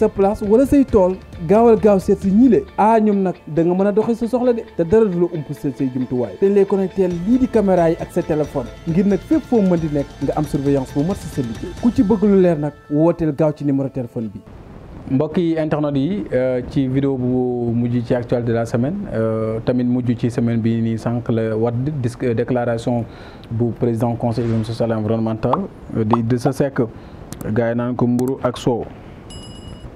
sa place wala say tool gaawal gaaw seet si ñiile ah ñoom nag da nga mën a dox sa soxla de te dara du la ump sa say jumtuwaay te ñu lay connecté lii di caméra yi ak sa téléphone ngir nag fépp foo mën di nekk nga am surveillance bu mat si sa liggéey ku ci bëgg lu leer nag wooteel gaaw ci numéro téléphone bi. mbokk yi internet yi euh, ci vidéo bu mujj ci actuelle de la semaine euh, tamit mujj ci semaine bi nii sànq la war euh, déclaration bu président conseil économique social et di Idrissa Seck gars naan ko mburu ak soow.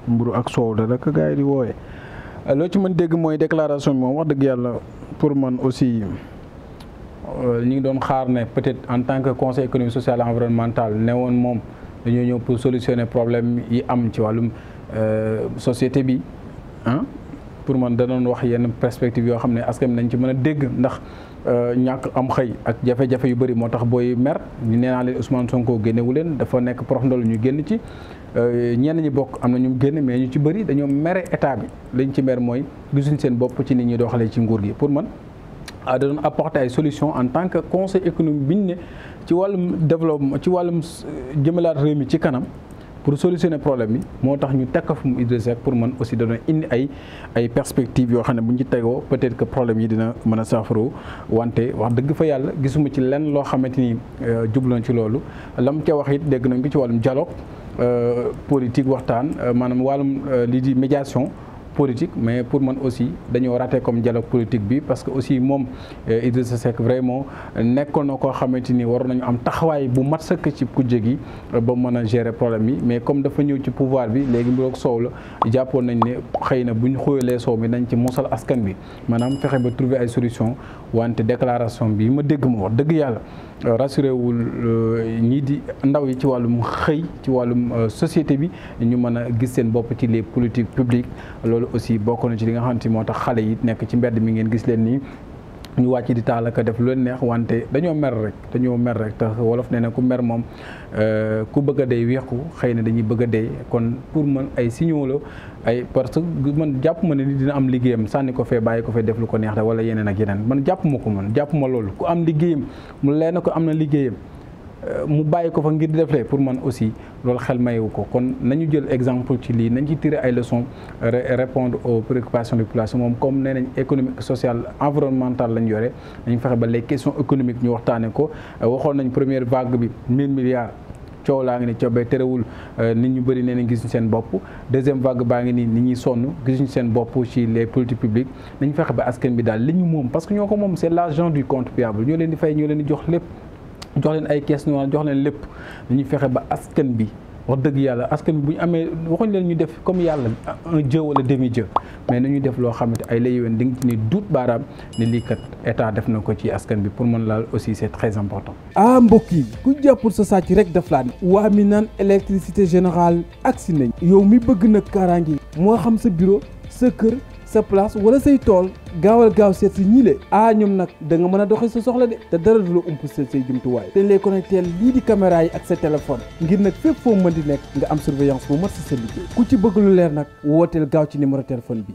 mburu ak soow da la ko gars yi di wooyee. loo ci man dégg mooy déclaration moom wax dëgg yàlla pour man aussi li euh, ngi doon xaar ne peut-être en tant que conseil économique social et ne woon moom dañoo ñëw pour solutionner problème yi am ci wàllum euh, société bi pour man danoon wax yenn perspective yoo xam ne askan nañ ci mën a dégg ndax euh, ñàkk am xëy ak jafe-jafe yu bëri moo tax booy mer ñu nee naa leen Ousmane Sonko génnewu leen dafa nekk prox ndol ñu génn ci euh, ñenn ñi bokk am na ñu génn mais ñu ci bëri dañoo mere état bi liñ ci mer mooy gisuñ seen bopp ci nit ñi doxalee ci nguur gi pour man ah, da doon apporter ay solution en tant que conseil économique bi ñu ne ci wàllum développement ci wàllum euh, jëmalaat réew mi ci kanam pour solutionner problème bi moo tax ñu teg ko fu mu Idrissa Seck pour man aussi dana indi ay ay perspectives yoo xam ne bu ñu ci tegoo peut-être que problème yi dina mën a saafaro wante wax dëgg fa yàlla gisuma ci lenn loo xamante ni euh, jublu na ci loolu la mu ca wax it dégg nañ ko ci wàllum dialogue euh, politique waxtaan euh, maanaam wàllum lii di médiation politique mais pour man aussi dañoo raté comme dialogue politique bi parce que aussi moom eh, Idrissa Seck vraiment nekkoon na koo xamante ni war nañu am taxawaay bu mat sëkk ci kujje gi eh, ba mën a gérer problème yi mais comme dafa ñëw ci pouvoir bi léegi mbiroog soow la jàppoon nañ ne xëy na bu ñu xóoyalee soow mi nañ ci mosal askan bi maanaam fexe ba trouver ay solution wante déclaration bi ma dégg moo dëgg yàlla eh, rassuré wul ñii di ndaw yi ci wàllum xëy ci wàllum société bi ñu mën a gis seen bopp ci les politiques publiques aussi bokk na ci li nga xam te moo tax xale yi nekk ci mbedd mi ngeen gis leen nii ñu wàcc di taalaka def lu leen neex wante dañoo mer rek dañoo mer rek te wolof nee na ku mer moom euh, ku bëgg dey weexu xëy na dañuy bëgg a dee kon pour man ay signaux ay parce que man jàpp ma ne ni dina am liggéeyam sànni ko fee bàyyi ko fee def lu ko neex rek wala yeneen ak yeneen man jàpp ma ko man jàpp ma loolu ku am liggéeyam mu leen ko am na liggéeyam. mu bàyyi ko fa ngir di deflee pour man aussi loolu xel mayewu ko kon nañu jël exemple ci lii nañ ci tirer ay leçons répondre aux préoccupations des populations moom comme nee nañ économique sociale environnementale lañ yore nañ fexe ba les questions économiques ñu waxtaane ko euh, waxoon nañ première vague bi 1000 milliards coow laa ngi ni coobee terewul euh, nit ñu bëri nee bopp deuxième vague baa ngi nii nit sonn gisuñu seen bopp ci les politiques publiques nañ fexe ba askan bi daal li ñu moom parce que ñoo ko moom leen di fay ñoo leen lépp jox leen ay caisse noire jox leen lépp dañuy fexe ba askan bi wax dëgg yàlla askan bi bu ñu amee waxuñ leen ñu def comme yàlla un dieu wala demi dieu mais nañu def loo xamante ay la yéwén di nga ne duut baaraam ne lii kat état def na ko ci askan bi pour mën laal aussi c'est très important. ah mbokk yi ku jàppul sa sàcc rek daf laan. waa mi naan électricité générale agsi nañ. yow mi bëgg nag kaaraange moo xam sa bureau sa kër. sa place wala say tool gaawal gaaw seet si ñiile ah ñoom nag da nga mën a doxee sa soxla de te dara du la ump seet say jumtuwaay te ñu lay lii di caméra yi ak sa téléphone ngir nag fépp foo mën di nekk nga am surveillance bu mat si sa liggéey ku ci bëgg leer nag wooteel gaaw ci numéro téléphone bi.